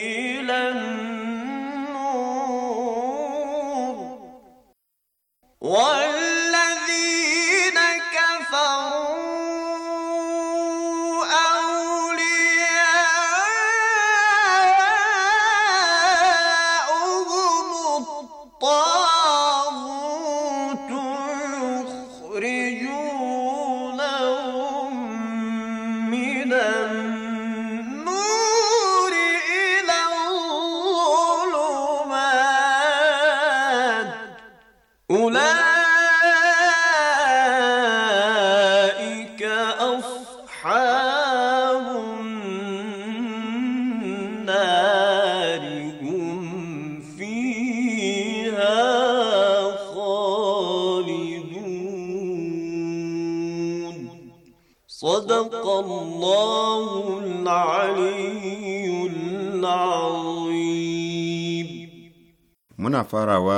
Yeah.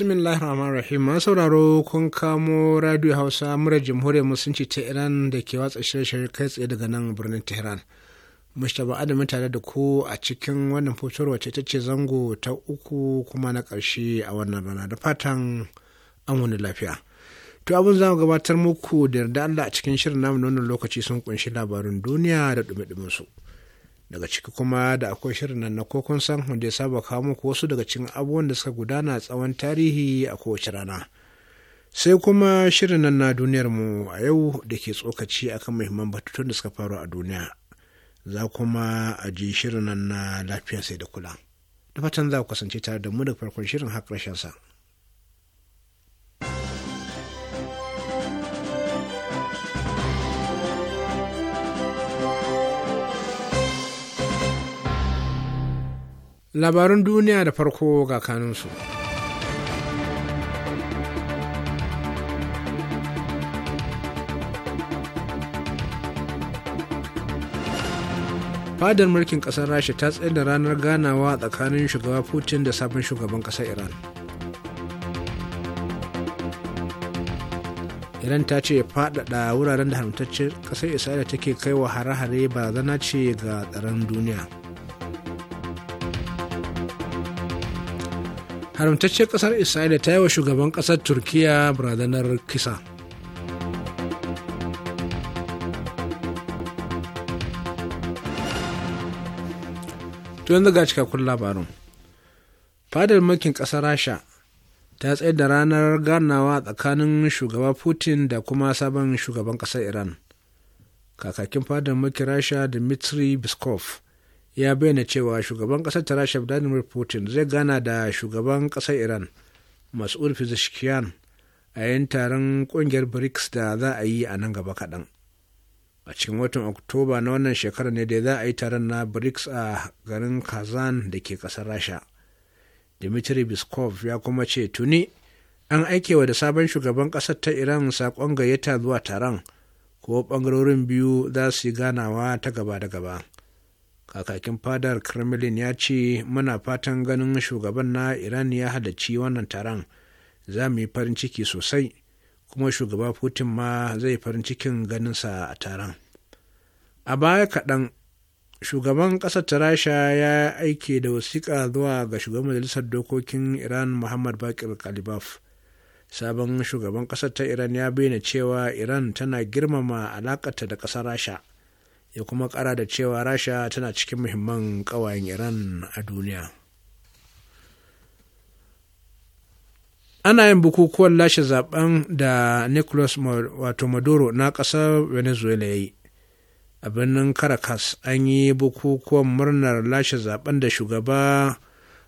bismillahir rahmanir rahim ma sauraro kun kamo radio hausa murar jamhuriyar musulunci ta iran da ke watsa shirye-shirye kai tsaye daga nan birnin tehran mustapha adamu tare da ku a cikin wannan fitowar wacce ta ce zango ta uku kuma na ƙarshe a wannan rana da fatan an wani lafiya to abin za gabatar muku da yarda allah a cikin shirin namu na wannan lokaci sun kunshi labarin duniya da ɗume-ɗumensu su daga ciki kuma da akwai shirin nan na kokon san wanda ya saba kawo muku wasu daga cikin abubuwan da suka gudana tsawon tarihi a kowace rana sai kuma shirin nan na duniyar mu a yau da ke tsokaci akan muhimman batutun da suka faru a duniya za kuma a ji shirin nan na lafiya sai da kula da fatan za ku kasance tare da mu da farkon shirin har ƙarshen labarun duniya da farko ga kanunsu. fadar mulkin kasar rasha ta tsaye da ranar ganawa tsakanin shugaba putin da sabon shugaban kasar iran iran ta ce faɗaɗa wuraren da haramtaccen kasar isra'ila take kai wa hare-hare barazana ce ga tsaron duniya haramtacciyar kasar isra'ila ta yi wa shugaban kasar turkiya barazanar kisa to yanzu ga cikakkun labarin fadar mulkin kasar rasha ta tsaye da ranar ganawa tsakanin shugaba putin da kuma sabon shugaban kasar iran kakakin fadar mulkin rasha dmitry biskov ya bayyana cewa shugaban ƙasar ta rasha vladimir putin zai gana da shugaban ƙasar iran mas'ud fizishkiyan a yayin taron ƙungiyar brics da za a yi a nan gaba kaɗan a cikin watan oktoba na wannan shekarar ne da za a yi taron na brics a garin kazan da ke ƙasar rasha dimitri biskov ya kuma ce tuni an aikewa da sabon shugaban ƙasar ta iran saƙon gayyata zuwa taron ko ɓangarorin biyu za su yi ganawa ta gaba da gaba kakakin fadar kremlin ya ce muna fatan ganin shugaban na iran ya halarci wannan taron za mu yi farin ciki sosai kuma shugaba putin ma zai farin cikin ganinsa a taron a baya kaɗan shugaban ƙasar tarasha ya aike da wasiƙa zuwa ga shugaban majalisar dokokin iran muhammad bakir kalibaf sabon shugaban ƙasar ta iran ya bayyana cewa iran tana girmama alaƙata da ƙasar rasha ya kuma kara da cewa rasha tana cikin muhimman kawayen iran a duniya ana yin bukukuwan lashe zaben da nicolas wato maduro na ƙasar venezuela ya yi a birnin caracas an yi bukukuwan murnar lashe zaben da shugaba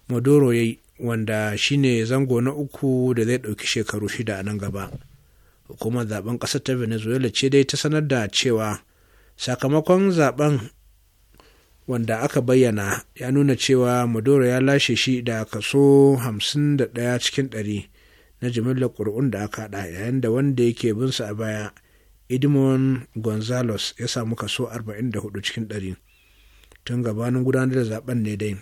maduro ya yi wanda shine zango na uku da zai ɗauki shekaru shida a nan gaba hukumar zaben ƙasar ta venezuela ce dai ta sanar da cewa sakamakon zaben wanda aka bayyana ya nuna cewa maduro ya lashe shi da kaso 51 cikin 100 na jimillar ƙuri'un da aka haɗa yayin da wanda yake binsa a baya edmond gonzalos ya samu kaso 44 cikin 100 tun gabanin gudanar da zaben ne dai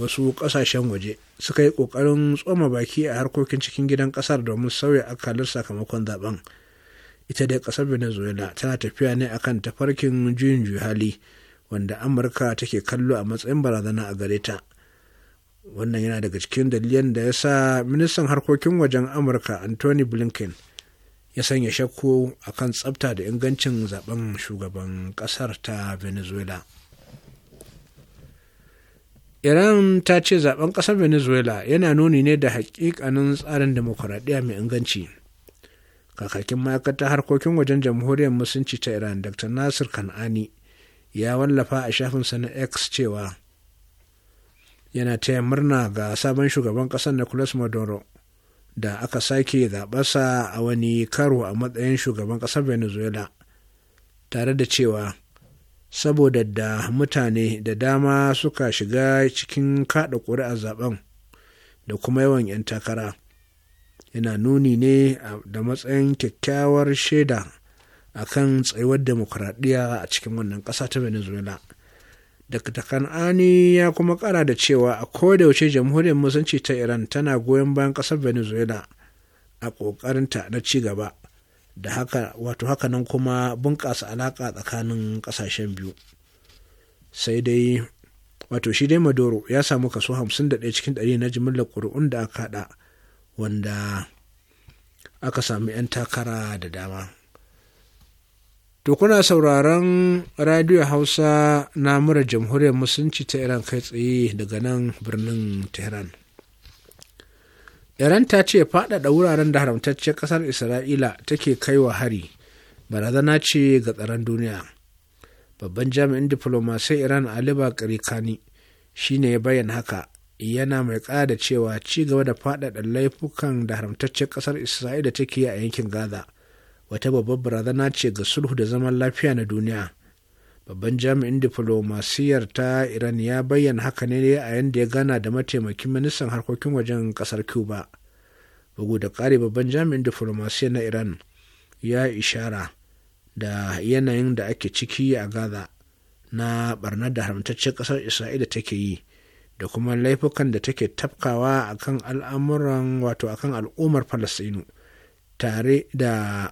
wasu ƙasashen waje suka yi ƙoƙarin tsoma baki a harkokin cikin gidan ƙasar domin sauya akalar sakamakon zaben ita dai ƙasar venezuela tana tafiya ne akan tafarkin juyin juyi hali wanda amurka take kallo a matsayin barazana a gare ta wannan yana daga cikin dalilan da ya sa ministan harkokin wajen amurka anthony blinken ya sanya shakku kan tsafta da ingancin zaben shugaban ƙasar ta venezuela iran ta ce zaben ƙasar venezuela yana nuni ne da hakikanin tsarin demokuraɗiyya mai inganci kakakin ma'aikatar harkokin wajen jamhuriyar musulunci ta iran dr nasir kan'ani ya wallafa a shafinsa na x cewa yana taya murna ga sabon shugaban na nicolas maduro da aka sake zaɓarsa a wani karo a matsayin shugaban ƙasar venezuela tare da cewa saboda da mutane da dama suka shiga cikin kaɗa ƙuri'ar zaben da kuma yawan 'yan takara yana nuni ne da matsayin kyakkyawar shaida a kan tsayuwar demokuraɗiyya a cikin wannan ƙasa ta venezuela da ani ya kuma ƙara da cewa a kodayaushe jamhuriyar musulunci ta Iran tana goyon bayan ƙasar Venezuela a ƙoƙarinta na ci gaba da haka wato hakanan kuma bunƙasa alaƙa tsakanin ƙasashen biyu. Sai dai wato shi dai madoro ya samu kaso 51 cikin 100 na jimillar ƙuri'un da aka haɗa wanda aka sami 'yan takara da dama to kuna sauraron radio hausa na mura jamhuriyar musulunci ta iran kai tsaye daga nan birnin tehran iran ta ce faɗaɗa wuraren da haramtacciyar ƙasar isra'ila take kaiwa hari barazana ce ga tsaron duniya babban jami'in diflomasai iran ali bakari kani shine ya bayyana haka yana mai da cewa ci gaba da faɗaɗa laifukan da haramtaccen ƙasar isra'ila take yi a yankin gaza wata babbar barazana ce ga sulhu da zaman lafiya na duniya babban jami'in diflomasiyar ta iran ya bayyana haka ne a yadda ya gana da mataimakin ministan harkokin wajen kasar cuba bugu da ƙari babban jami'in diflomasiyar na iran ya ishara da yanayin da ake ciki a gaza na barnar da haramtaccen ƙasar isra'ila take yi da kuma laifukan da take tafkawa kan al'amuran wato a kan al'ummar falasɗinu tare da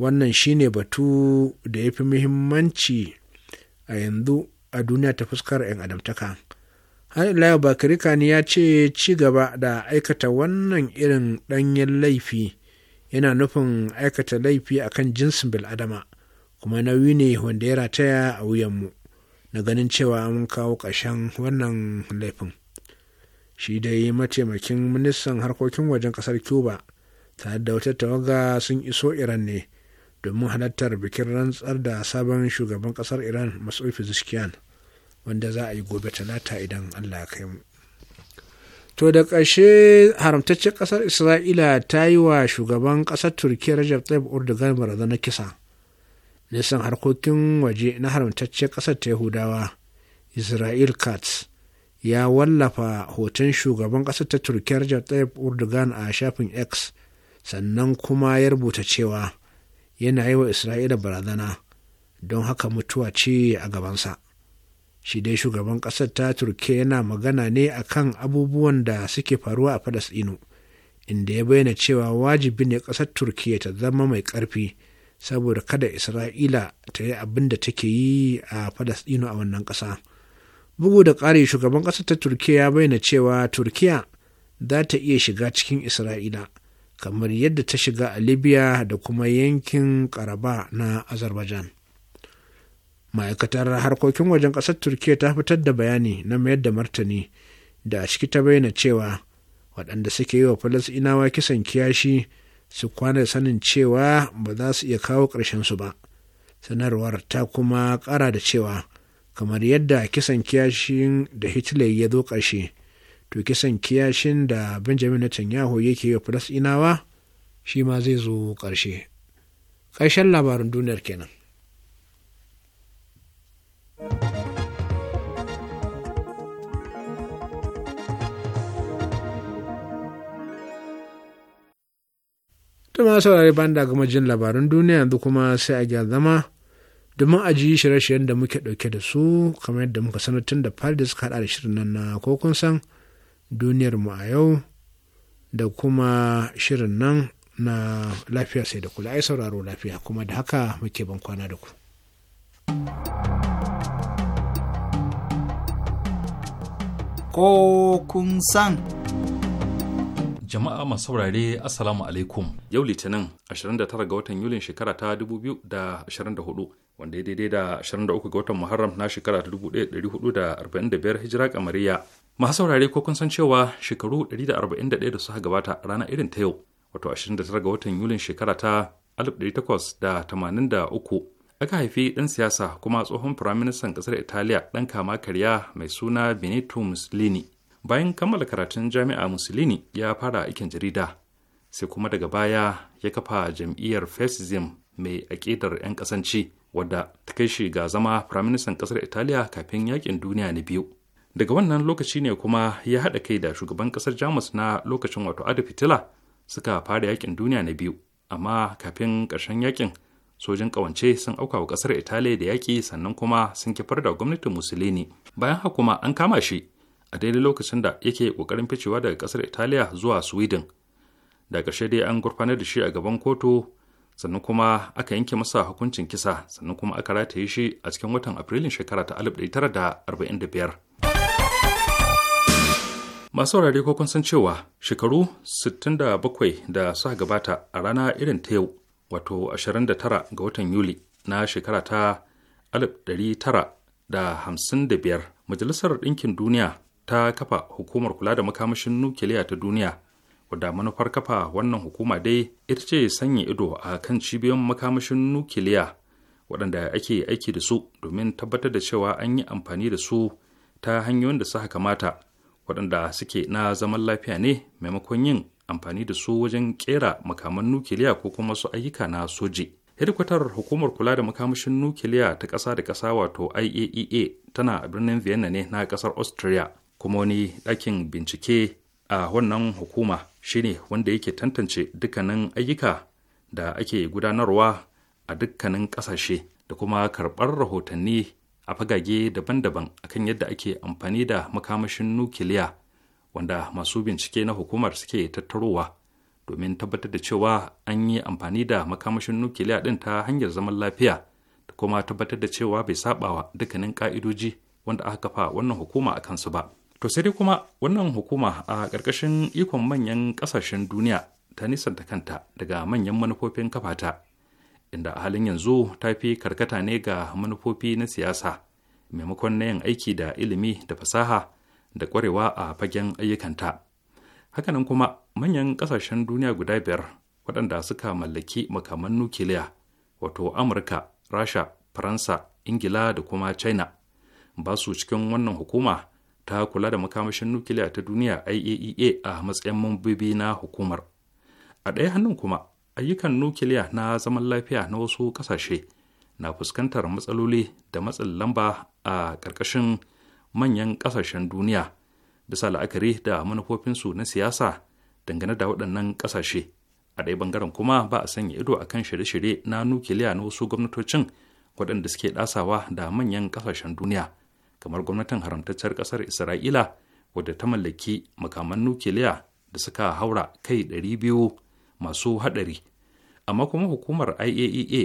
wannan shine batu da ya fi muhimmanci a yanzu a duniya ta fuskar 'yan adamtaka har ila bakari kani ya ce ci gaba da aikata wannan irin ɗanyen laifi yana nufin aikata laifi akan jinsin bil'adama kuma nauyi ne wanda ya rataya a wuyanmu na ganin cewa mun kawo ƙarshen wannan laifin shi dai mataimakin ministan harkokin wajen ƙasar cuba tare da wata tawaga sun iso iran ne domin halartar bikin rantsar da sabon shugaban ƙasar iran masoud pezeshkian wanda za a yi gobe talata idan allah kai mu to da ƙarshe haramtaccen ƙasar isra'ila ta yi wa shugaban ƙasar turkiyya rajab tayyip barazanar barazana kisa nisan harkokin waje na haramtaccen ƙasar ta yahudawa israel katz ya wallafa hoton shugaban ƙasar ta turkiyar jartayyar urdugan a shafin x sannan kuma ya rubuta cewa yana yi wa isra'ila barazana don haka mutuwa ce a gabansa shi dai shugaban ƙasar ta turkiyya yana magana ne akan abubuwan da suke faruwa a falasɗinu inda ya bayyana cewa wajibi ne ƙasar turkiyya ta zama mai ƙarfi saboda kada isra'ila ta yi abin da take yi a falasɗinu a wannan ƙasa bugu da ƙari shugaban ƙasar ta turkiya ya bayyana cewa turkiya za ta iya shiga cikin isra'ila kamar yadda ta shiga a libya da kuma yankin karaba na azerbaijan ma'aikatar harkokin wajen ƙasar turkiya ta fitar da bayani na mayar da martani da a ciki ta bayyana cewa waɗanda suke yi wa falasɗinawa kisan kiyashi su kwana sanin cewa ba za su iya kawo ƙarshen su ba sanarwar ta kuma ƙara da cewa kamar yadda kisan kiyashin da hitler ya zo ƙarshe to kisan kiyashin da benjamin netanyahu yake yi falasɗinawa shi ma zai zo ƙarshe ƙarshen labarin duniyar kenan. to ma saurare ban da gama jin labaran duniya yanzu kuma sai a gyara zama domin a ji shirye-shiryen da muke ɗauke da su kamar yadda muka sanar tun da fari da suka haɗa da shirin nan na ko kun san duniyar mu a yau da kuma shirin nan na lafiya sai da kula ai sauraro lafiya kuma da haka muke ban kwana da ku. Ko kun san. Jama'a masu saurare Assalamu alaikum. Yau Litinin 29 ga watan Yulin shekara ta 2024 wanda ya daidai da 23 ga watan Muharram na shekara ta 1445 Hijira kamariya. Masu saurare ko kun san cewa shekaru 141 da suka gabata rana irin ta yau, wato 29 ga watan Yulin shekara ta 1883 aka haifi dan siyasa kuma tsohon firaministan ƙasar italiya dan kama karya mai suna benito mussolini bayan kammala karatun jami'a musulini ya fara aikin jarida sai kuma daga baya ya kafa jam'iyyar fascism mai aƙidar 'yan ƙasanci wadda ta kai shi ga zama firaministan ƙasar italiya kafin yakin duniya na biyu daga wannan lokaci ne kuma ya haɗa kai da shugaban ƙasar jamus na lokacin wato adolf hitler suka fara yakin duniya na biyu amma kafin ƙarshen yakin sojin ƙawance sun auka wa ƙasar italiya da yaƙi sannan kuma sun kifar da gwamnatin musulini bayan haka kuma an kama shi a daidai lokacin da yake kokarin ficewa daga kasar italiya zuwa sweden da ƙarshe dai an gurfanar da shi a gaban kotu sannan kuma aka yanke masa hukuncin kisa sannan kuma aka rataye shi a cikin watan afrilun shekara ta 1945 masu saurare ko san cewa shekaru 67 da suka gabata a rana irin ta yau wato 29 ga watan yuli na shekara ta 1955 majalisar ɗinkin duniya ta kafa hukumar kula da makamashin nukiliya ta duniya wadda manufar kafa wannan hukuma dai ita ce sanya ido a kan cibiyoyin makamashin nukiliya waɗanda ake aiki da su domin tabbatar da cewa an yi amfani da su ta hanyoyin da suka kamata waɗanda suke na zaman lafiya ne maimakon yin amfani da su wajen ƙera makaman nukiliya ko kuma su ayyuka na soji. hedikwatar hukumar kula da makamashin nukiliya ta ƙasa da ƙasa wato iaea e tana a birnin vienna ne na ƙasar austria kuma wani ɗakin bincike a wannan hukuma shine wanda yake tantance dukkanin ayyuka da ake gudanarwa a dukkanin ƙasashe da kuma karɓar rahotanni a fagage daban-daban akan yadda ake amfani da makamashin nukiliya wanda masu bincike na hukumar suke tattarowa domin tabbatar da cewa an yi amfani da makamashin nukiliya ɗin ta hanyar zaman lafiya da kuma tabbatar da cewa bai saɓawa dukkanin ƙa'idoji wanda aka kafa wannan hukuma a kansu ba. To sai dai kuma wannan hukuma a ƙarƙashin ikon manyan ƙasashen duniya ta nisanta kanta daga manyan manufofin kafata, inda a halin yanzu ta fi karkata ne ga manufofi na siyasa, maimakon na yin aiki da ilimi da fasaha da ƙwarewa a fagen ayyukanta. Hakanan kuma manyan ƙasashen duniya guda biyar waɗanda suka mallaki makaman nukiliya, wato Amurka, Rasha, Faransa, Ingila da kuma China, ba su cikin wannan hukuma ta kula da makamashin nukiliya ta duniya IAEA e a matsayin mambobi na hukumar. A ɗaya hannun kuma, ayyukan nukiliya na zaman lafiya na wasu ƙasashe na fuskantar matsaloli da matsin lamba a ƙarƙashin manyan ƙasashen duniya da sa la'akari da manufofinsu na siyasa dangane da waɗannan ƙasashe. A ɗaya bangaren kuma ba a sanya ido a kan shirye-shirye na nukiliya na wasu gwamnatocin waɗanda suke ɗasawa da manyan ƙasashen duniya. kamar gwamnatin haramtacciyar kasar isra'ila wadda ta mallaki makaman nukiliya da suka haura kai 200 masu haɗari amma kuma hukumar iaea e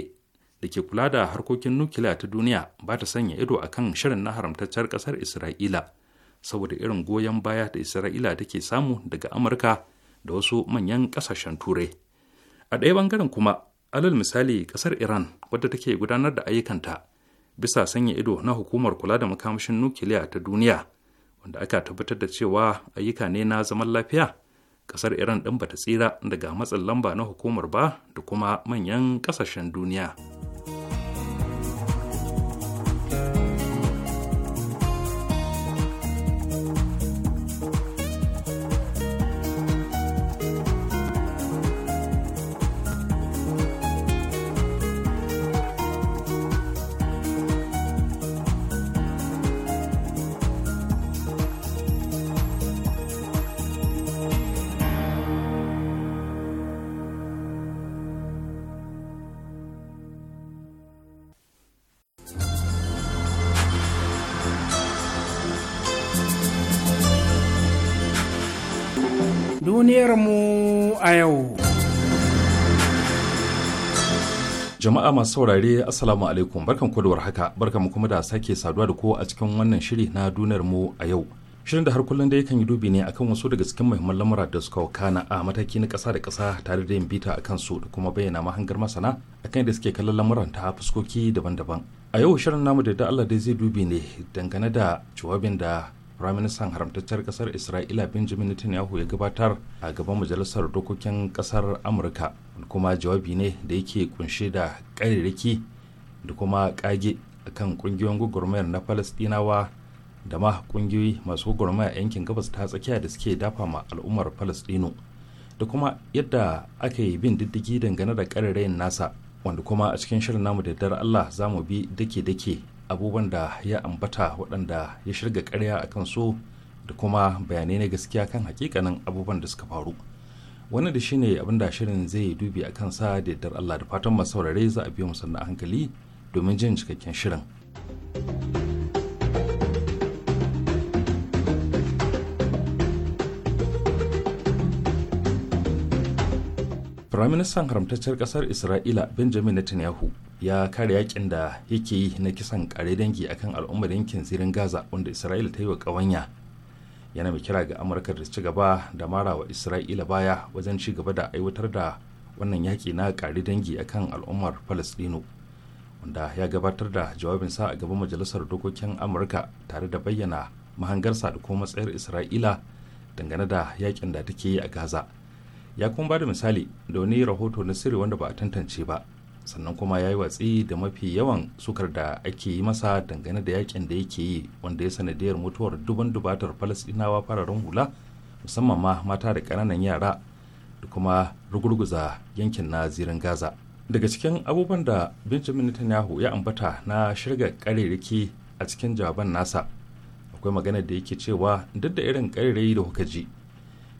da ke kula da harkokin nukiliya ta duniya ba ta sanya ido a kan shirin na haramtacciyar kasar isra'ila saboda irin goyon baya da isra'ila take samu daga amurka da wasu manyan kasashen turai a ɗaya bangaren kuma alal misali kasar iran wadda take gudanar da ayyukanta bisa sanya ido na hukumar kula da makamashin nukiliya ta duniya wanda aka tabbatar da cewa ayyuka ne na zaman lafiya kasar iran ɗin bata tsira daga matsin lamba na hukumar ba da kuma manyan ƙasashen duniya. yau. Jama'a masu saurare Assalamu alaikum barkan ku haka warhaka barkan mu kuma da sake saduwa da ku a cikin wannan shiri na duniyar mu a yau. Shirin da har kullum da yakan yi dubi ne akan wasu daga cikin muhimman lamura da suka wakana a mataki na ƙasa da ƙasa tare da yin bita a kansu da kuma bayyana mahangar masana akan yadda suke kallon lamuran ta fuskoki daban-daban. A yau shirin namu da Allah dai zai dubi ne dangane da jawabin da firaministan haramtacciyar kasar isra'ila benjamin netanyahu ya gabatar a gaban majalisar dokokin kasar amurka kuma jawabi ne da yake kunshe da ƙarirriki da kuma ƙage kan ƙungiyoyin gwagwarmayar na falastinawa da ma ƙungiyoyi masu gwagwarmaya yankin gabas ta tsakiya da suke dafa ma al'ummar falastinu da kuma yadda aka yi bin diddigi dangane da ƙararrayin nasa wanda kuma a cikin shirin namu da dar allah za mu bi dake-dake abubuwan da ya ambata waɗanda ya shirga karya a kansu da kuma bayanai na gaskiya kan hakikanin abubuwan da suka faru wani da shine abin da shirin zai dubi a sa da yardar Allah da fatan masaurare za a biyo a hankali domin jin cikakken shirin. firaministan haramtacciyar kasar isra'ila benjamin netanyahu ya kare yakin da yake yi na kisan kare dangi akan al'ummar yankin zirin gaza wanda isra'ila ta yi wa ƙawanya yana mai kira ga amurka da ci gaba da mara wa isra'ila baya wajen ci gaba da aiwatar da wannan yaƙi na kare dangi akan al'ummar falasɗinu wanda ya gabatar da jawabinsa a gaban majalisar dokokin amurka tare da bayyana mahangarsa da kuma matsayar isra'ila dangane da yakin da take yi a gaza ya kuma ba da misali da wani rahoto na sirri wanda ba a tantance ba sannan kuma ya yi watsi da mafi yawan sukar da ake yi masa dangane da yakin da yake yi wanda ya sanadiyar mutuwar duban dubatar falasɗinawa fararen hula musamman ma mata da ƙananan yara da kuma rugurguza yankin na zirin gaza daga cikin abubuwan da benjamin netanyahu ya ambata na shirga ƙarerriki a cikin jawaban nasa akwai magana da yake cewa duk da irin ƙarerayi da kuka ji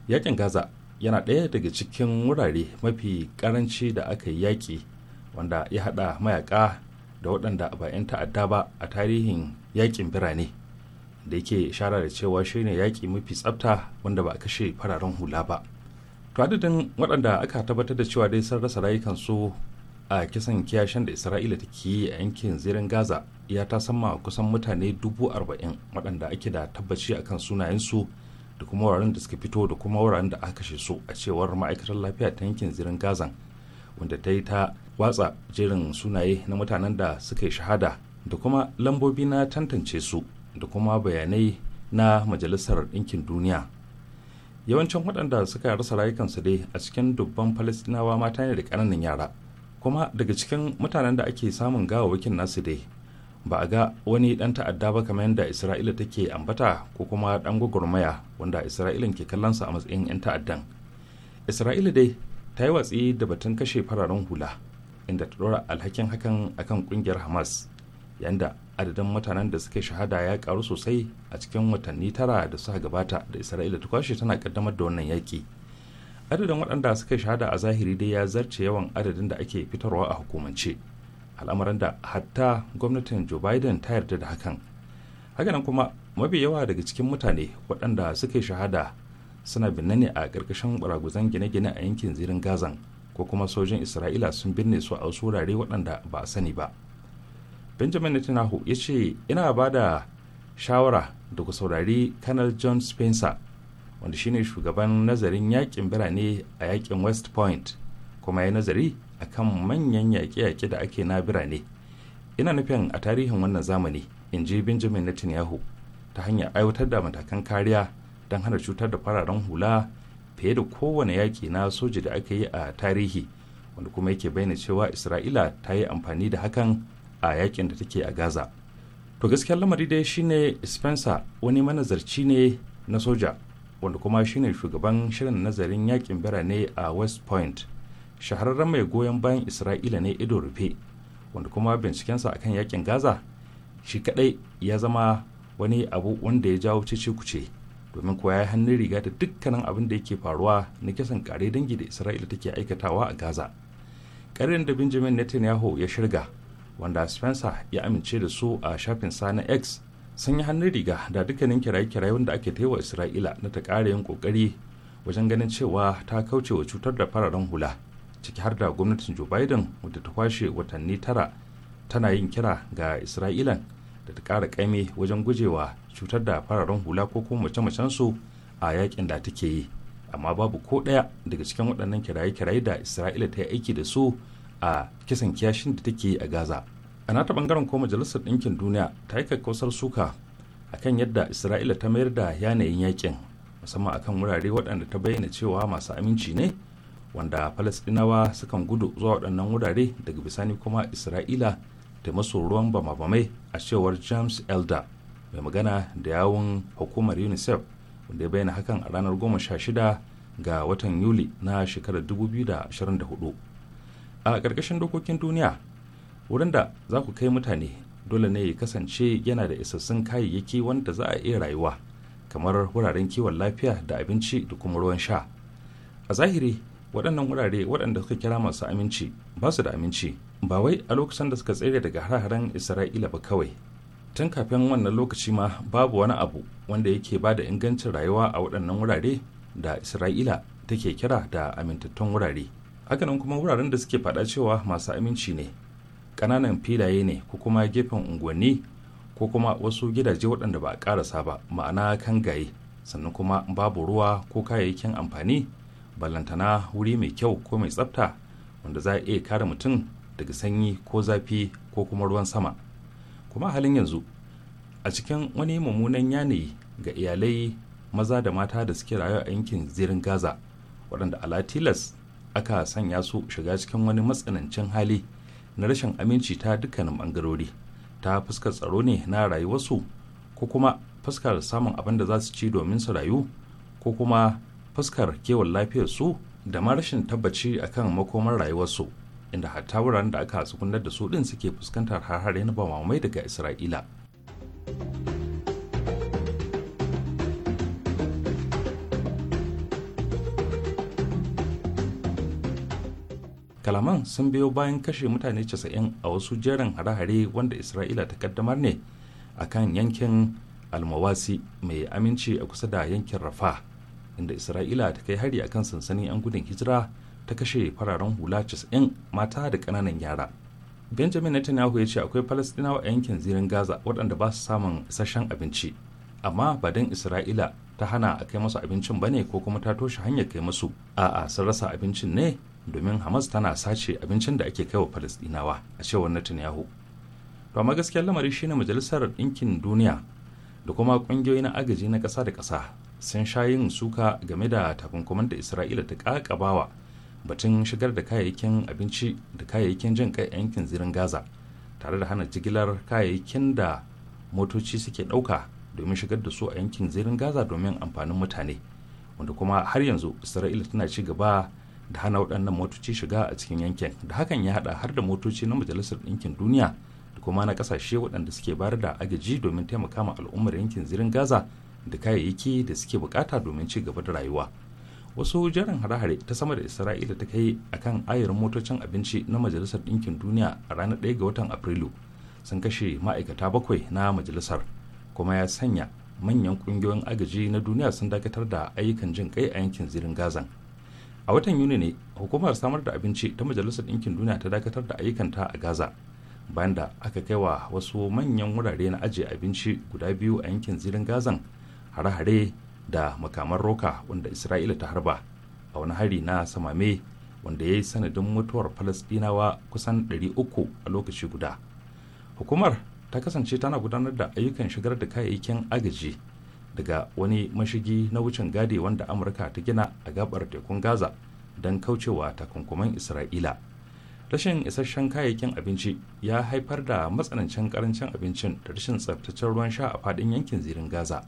yakin gaza yana ɗaya daga cikin wurare mafi ƙaranci da aka yi yaƙi wanda ya haɗa mayaƙa da waɗanda ba 'yan ta'adda ba a tarihin yaƙin birane da yake shara da cewa shine yaƙi mafi tsafta wanda ba a kashe fararen hula ba to adadin waɗanda aka tabbatar da cewa dai sun rasa rayukansu a kisan kiyashen da isra'ila ta ke yi a yankin zirin gaza ya ta sama kusan mutane dubu arba'in waɗanda ake da tabbaci akan sunayensu da kuma wuraren da suka fito da kuma wuraren da aka kashe su a cewar ma'aikatar lafiya ta yankin zirin gazan wanda ta yi ta watsa jerin sunaye na mutanen da suka yi shahada da kuma lambobi na tantance su da kuma bayanai na majalisar ɗinkin duniya yawancin waɗanda suka rasa rayukansu dai a cikin dubban falastinawa mata ne da ƙananan yara kuma daga cikin mutanen da ake samun gawawakin nasu dai ba a ga wani dan ta'adda ba kamar yadda isra'ila take ambata ko kuma dan gwagwarmaya wanda isra'ilan ke kallonsa a matsayin 'yan ta'addan isra'ila dai ta yi watsi da batun kashe fararen hula inda ta dora alhakin hakan akan kungiyar hamas yadda adadin mutanen da suka shahada ya karu sosai a cikin watanni tara da suka gabata da isra'ila ta kwashe tana kaddamar da wannan yaki adadin waɗanda suka shahada a zahiri dai ya zarce yawan adadin da ake fitarwa a hukumance al'amuran da hatta gwamnatin joe biden ta yarda da hakan haka nan kuma mafi yawa daga cikin mutane waɗanda suka yi shahada suna binne ne a ƙarƙashin baraguzan gine-gine a yankin zirin gazan ko kuma sojin isra'ila sun binne su a wasu wurare waɗanda ba a sani ba benjamin netanyahu ya ce ina ba da shawara da ku saurari kanal john spencer wanda shine shugaban nazarin yakin birane a yakin west point kuma ya nazari akan manyan yaƙe-yaƙe da ake na birane ina nufin a tarihin wannan zamani in ji benjamin netanyahu ta hanyar aiwatar da matakan kariya don hana cutar da fararen hula fiye da kowane yaƙi na soji da aka yi a tarihi wanda kuma yake bayyana cewa isra'ila ta yi amfani da hakan a yaƙin da take a gaza to gaskiyar lamari dai shine spencer wani manazarci ne na soja wanda kuma shine shugaban shirin nazarin yakin birane a west point shahararren mai goyon bayan isra'ila ne ido rufe wanda kuma bincikensa akan yakin gaza shi kadai ya zama wani abu wanda ya jawo cece kuce domin kuwa ya hannun riga da dukkanin abin da yake faruwa na kisan kare dangi da isra'ila take aikatawa a gaza karin da benjamin netanyahu ya shirga wanda spencer ya amince da su a shafin sa na x sun yi hannun riga da dukkanin kiraye-kiraye wanda ake ta wa isra'ila na ta kare yin kokari wajen ganin cewa ta kauce wa cutar da fararen hula ciki har da gwamnatin joe biden wadda ta kwashe watanni tara tana yin kira ga isra'ilan da ta kara kaime wajen gujewa cutar da fararen hula ko kuma mace-macen su a yakin da take yi amma babu ko ɗaya daga cikin waɗannan kiraye-kiraye da isra'ila ta yi aiki da su a kisan kiyashin da take yi a gaza a nata bangaren ko majalisar ɗinkin duniya ta yi kakkausar suka akan yadda isra'ila ta mayar da yanayin yakin musamman akan wurare waɗanda ta bayyana cewa masu aminci ne wanda falasɗinawa sukan gudu zuwa waɗannan wurare daga bisani kuma isra'ila da maso ruwan bama-bamai a cewar james elder mai magana da yawon hukumar unicef wanda ya bayyana hakan a ranar 16 ga watan yuli na shekarar 2024 a ƙarƙashin dokokin duniya wurin da za ku kai mutane dole ne ya kasance yana da isassun kayayyaki wanda za a iya rayuwa kamar wuraren kiwon lafiya da abinci da kuma ruwan sha a zahiri waɗannan wurare waɗanda suka kira masu aminci ba su da aminci ba wai a lokacin da suka tsere daga hare isra'ila ba kawai tun kafin wannan lokaci ma babu wani abu wanda yake ba da ingancin rayuwa a waɗannan wurare da isra'ila take kira da amintattun wurare hakanan kuma wuraren da suke faɗa cewa masu aminci ne ƙananan filaye ne ko kuma gefen unguwanni ko kuma wasu gidaje waɗanda ba a ƙarasa ba ma'ana kangaye sannan kuma babu ruwa ko kayayyakin amfani balantana wuri mai kyau ko mai tsafta wanda za a iya kare mutum daga sanyi ko zafi ko kuma ruwan sama kuma halin yanzu a cikin wani mummunan yanayi ga iyalai maza da mata da suke rayuwa a yankin zirin gaza waɗanda alatilas aka sanya su shiga cikin wani matsanancin hali na rashin aminci ta dukkanin ɓangarori ta fuskar tsaro ne na rayuwarsu ko kuma fuskar samun abin da za su ci domin su rayu ko kuma fuskar kewan lafiyar su da ma rashin tabbaci akan makomar rayuwarsu inda hatta wuraren da aka tsugunar da su din suke fuskantar harhare na bamamai daga isra'ila kalaman sun biyo bayan kashe mutane 90 a wasu jerin hare-hare wanda isra'ila ta kaddamar ne a kan yankin almawasi mai aminci a kusa da yankin rafa inda isra'ila ta kai hari akan sansanin 'yan gudun hijira ta kashe fararen hula 90 mata da kananan yara benjamin netanyahu ya ce akwai falastinawa a yankin zirin gaza waɗanda ba su samun isasshen abinci amma ba don isra'ila ta hana a kai masu abincin ba ne ko kuma ta toshe hanyar kai masu. a'a sun rasa abincin ne domin hamas tana sace abincin da ake kai wa falastinawa a cewar netanyahu to amma gaskiyar lamari shine majalisar ɗinkin duniya da kuma ƙungiyoyi na agaji na ƙasa da ƙasa sun sha yin suka game da takunkuman da isra'ila ta ƙaƙabawa batun shigar da kayayyakin abinci da kayayyakin jin kai yankin zirin gaza tare da hana jigilar kayayyakin da motoci suke ɗauka domin shigar da su a yankin zirin gaza domin amfanin mutane wanda kuma har yanzu isra'ila tana ci gaba da hana waɗannan motoci shiga a cikin yankin da hakan ya haɗa har da motoci na majalisar ɗinkin duniya da kuma na ƙasashe waɗanda suke bayar da agaji domin taimaka ma al'ummar yankin zirin gaza da kayayyaki da suke bukata domin ci gaba da rayuwa wasu jarin hare-hare ta sama da isra'ila ta kai akan ayarin motocin abinci na majalisar ɗinkin duniya a ranar 1 ga watan afrilu sun kashe ma'aikata bakwai na majalisar kuma ya sanya manyan ƙungiyoyin agaji na duniya sun dakatar da ayyukan jin kai a yankin zirin gazan a watan yuni ne hukumar samar da abinci ta majalisar ɗinkin duniya ta dakatar da ayyukanta a gaza bayan da aka kai wa wasu manyan wurare na ajiye abinci guda biyu a yankin zirin gazan hare-hare da makaman roka wanda isra'ila ta harba a wani hari na samame wanda ya yi sanadin mutuwar falasdinawa kusan 300 a lokaci guda hukumar ta kasance tana gudanar da ayyukan shigar da kayayyakin agaji daga wani mashigi na wucin gadi wanda amurka ta gina a gabar tekun gaza don kaucewa takunkuman isra'ila rashin isasshen kayayyakin abinci ya haifar da matsanancin karancin abincin da rashin tsabtaccen ruwan sha a fadin yankin zirin gaza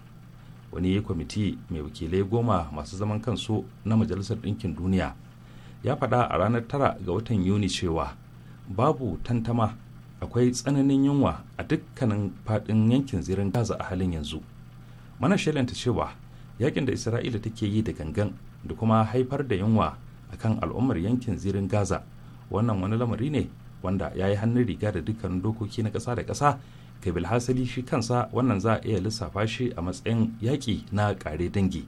wani kwamiti mai wakilai goma masu zaman kansu na majalisar ɗinkin duniya ya faɗa a ranar tara ga watan yuni cewa babu tantama akwai tsananin yunwa a dukkanin faɗin yankin zirin gaza a halin yanzu mana shelanta cewa yakin da isra'ila take yi da gangan da kuma haifar da yunwa akan al'ummar yankin zirin gaza wannan wani lamari ne wanda ya yi hannun riga da dukkanin dokoki na ƙasa da ƙasa kai bilhassali shi kansa wannan za a iya lissafa shi a matsayin yaƙi na ƙare dangi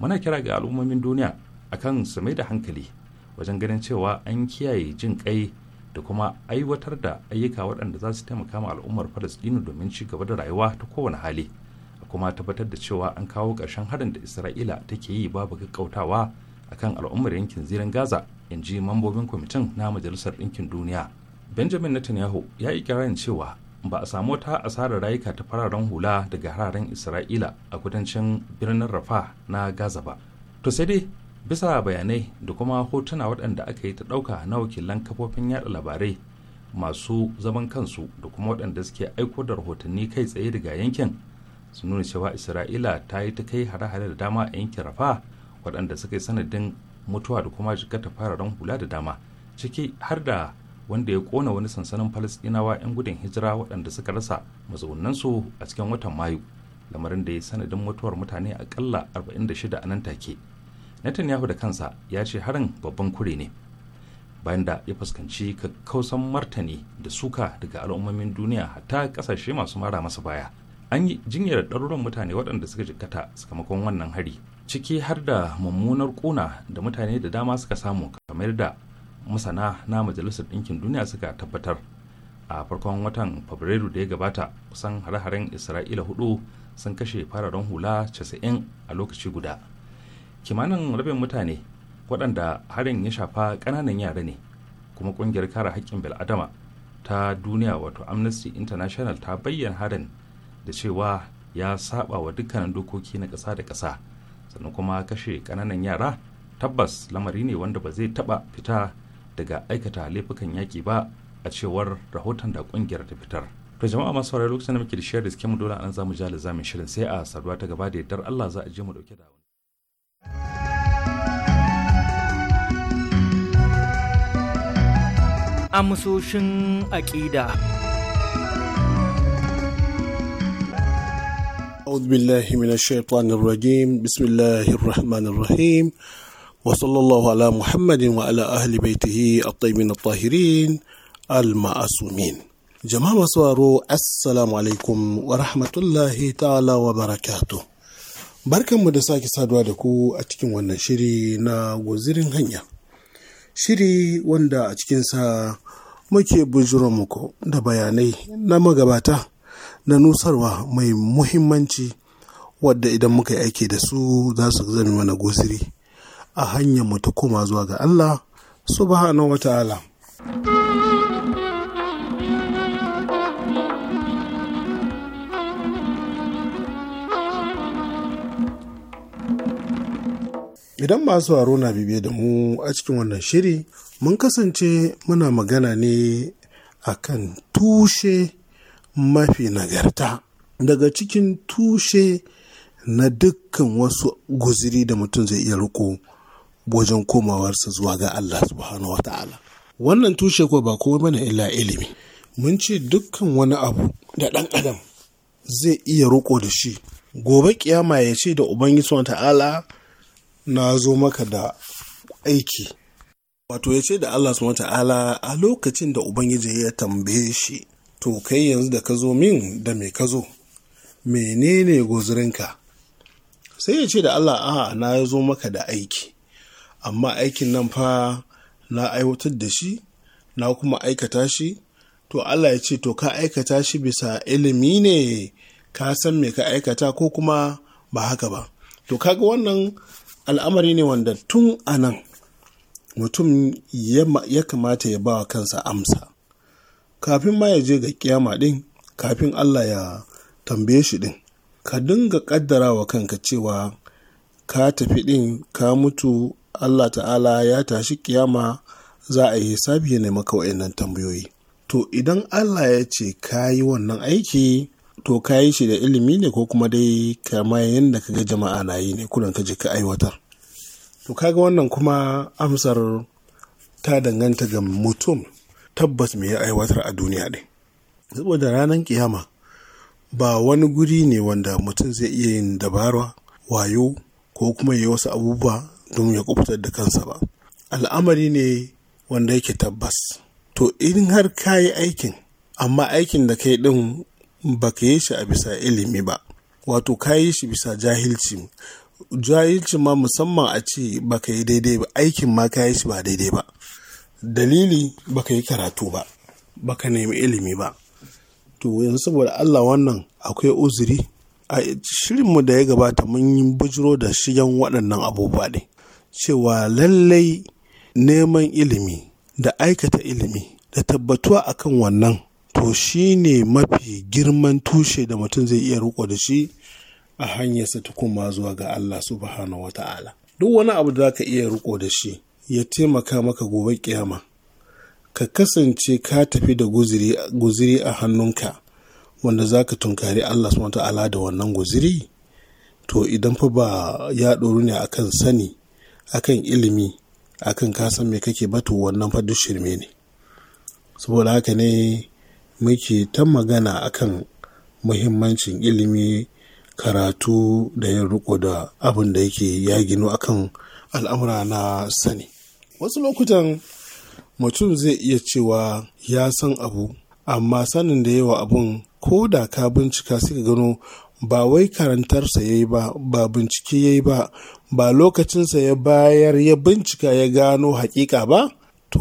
muna kira ga al'ummomin duniya akan su mai da hankali wajen ganin cewa an kiyaye jin ƙai da kuma aiwatar da ayyuka waɗanda za su taimaka ma al'ummar falastinu domin ci gaba da rayuwa ta kowane hali a kuma tabbatar da cewa an kawo ƙarshen harin da isra'ila take yi babu gaggautawa kan al'ummar yankin zirin gaza in ji mambobin kwamitin na majalisar ɗinkin duniya benjamin netanyahu ya yi kirayin cewa ba a samu wata asarar rayuka ta fararen hula daga hararen isra'ila a kudancin birnin rafa na gaza ba to sai dai bisa bayanai da kuma hotuna waɗanda aka yi ta ɗauka na wakilan kafofin yada labarai masu zaman kansu da kuma waɗanda suke aiko da rahotanni kai tsaye daga yankin su nuna cewa isra'ila ta yi ta kai hare-hare da dama a yankin rafa waɗanda suka yi sanadin mutuwa da kuma shiga ta fararen hula da dama ciki har da wanda ya kona wani sansanin falastinawa 'yan gudun hijira waɗanda suka rasa mazauninsu a cikin watan mayu lamarin da ya sanadin mutuwar mutane akalla 46 a nan take netanyahu da kansa ya ce harin babban kure ne bayan da ya fuskanci kakkausan martani da suka daga al'ummomin duniya hatta kasashe masu mara masa baya an yi jinyar ɗaruran mutane waɗanda suka jikkata sakamakon wannan hari ciki har da mummunar ƙuna da mutane da dama suka samu kamar da masana na majalisar ɗinkin duniya suka tabbatar a farkon watan fabrairu da ya gabata kusan hare-haren isra'ila hudu sun kashe fararen hula 90 a lokaci guda kimanin rabin mutane waɗanda harin ya shafa ƙananan yara ne kuma ƙungiyar kare haƙƙin bil'adama ta duniya wato amnesty international ta bayyana harin da cewa ya saba wa dukkanin dokoki na ƙasa da ƙasa sannan kuma kashe ƙananan yara tabbas lamari ne wanda ba zai taɓa fita daga aikata laifukan yaƙi ba a cewar rahoton da ƙungiyar ta fitar to jama'a masu saurari lokacin da muke da shirin da suke mu dole an zamu ji zamin shirin sai a saduwa ta gaba da yardar Allah za a je mu dauke da wani amsoshin aƙida أعوذ بالله من الشيطان الرجيم بسم الله الرحمن الرحيم وصلى الله على محمد وعلى أهل بيته الطيبين الطاهرين المعصومين جماعة سوارو السلام عليكم ورحمة الله تعالى وبركاته barkanmu da sake saduwa da ku a cikin wannan shiri na guzirin hanya shiri wanda a cikinsa muke bujiro muku da bayanai na magabata na nusarwa mai muhimmanci wadda idan muka yi aiki da su za su zama mana guziri a hanyar mu ta koma zuwa ga Allah subhanahu wa Idan masu haro na biye da mu a cikin wannan shiri, mun kasance muna magana ne a kan tushe mafi nagarta. Daga cikin tushe na dukkan wasu guziri da mutum zai iya riko wajen komawarsa zuwa ga Allah subhanahu wa ta'ala wannan tushe kuwa ba komai bane illa ilimi mun ce dukkan wani abu da ɗan adam zai iya roƙo da shi gobe kiyama ya ce da ubangiji wa ta'ala na zo maka da aiki wato ya ce da Allah subhanahu ta'ala a lokacin da ubangiji ya tambaye shi to kai yanzu da ka zo min da me ka zo menene gozirinka sai ya ce da Allah a na zo maka da aiki amma aikin nan fa na aiwatar da shi na kuma aikata shi to Allah ya ce to ka aikata shi bisa ilimi ne ka san me ka aikata ko kuma ba haka ba to kaga wannan al'amari ne wanda tun anan mutum ya kamata ya ba wa kansa amsa kafin ma ya je ga kiyama din kafin Allah ya tambaye shi din ka dinga kaddara wa kanka cewa ka tafi din ka mutu Allah ta'ala ya tashi kiyama za a yi hisabi ya maka kawai tambayoyi to idan Allah ya ce ka yi wannan aiki to ka yi shi da ilimi ne ko kuma dai kama yadda ka ga jama'a na yi ne kudan ka je ka aiwatar to kaga wannan kuma amsar ta danganta ga mutum tabbas mai aiwatar a duniya ne saboda ranar kiyama ba wani guri ne wanda mutum zai iya yin dabara wayo ko kuma yi wasu abubuwa domin ya kubutar da kansa ba al'amari ne wanda yake tabbas to in har ka yi aikin amma aikin da kai din ba ka yi shi a bisa ilimi ba wato ka yi shi bisa jahilci jahilci ma musamman a ce ba ka yi daidai ba aikin ma ka yi shi ba daidai ba dalili ba ka yi karatu ba ba ka nemi ilimi ba to yanzu saboda allah wannan akwai uzuri a shirinmu da ya gabata mun yi bujiro da shigen waɗannan abubuwa ne cewa lallai neman ilimi da aikata ilimi da tabbatuwa akan wannan to shi ne mafi girman tushe da mutum zai iya riko da shi a hanyarsa tukuma zuwa ga Allah subhanahu wata'ala duk wani abu da zaka iya riko da shi ya taimaka maka gobe kiyama ka kasance ka tafi da guziri a hannunka wanda zaka tunkari Allah subhanahu wata'ala da wannan guziri to idan fa ba ya ɗoru ne akan sani akan ilimi akan kasan mai kake batu wannan fa shirme ne saboda haka ne muke ta magana akan muhimmancin ilimi karatu da yin riko da abin da yake ya ginu akan al'amura na sani wasu lokutan mutum zai iya cewa ya san abu amma sanin da yawa abun ko da ka bincika suka gano ba wai karantarsa ya yi ba ba bincike ya yi ba ba lokacinsa ya bayar ya bincika ya gano hakika ba to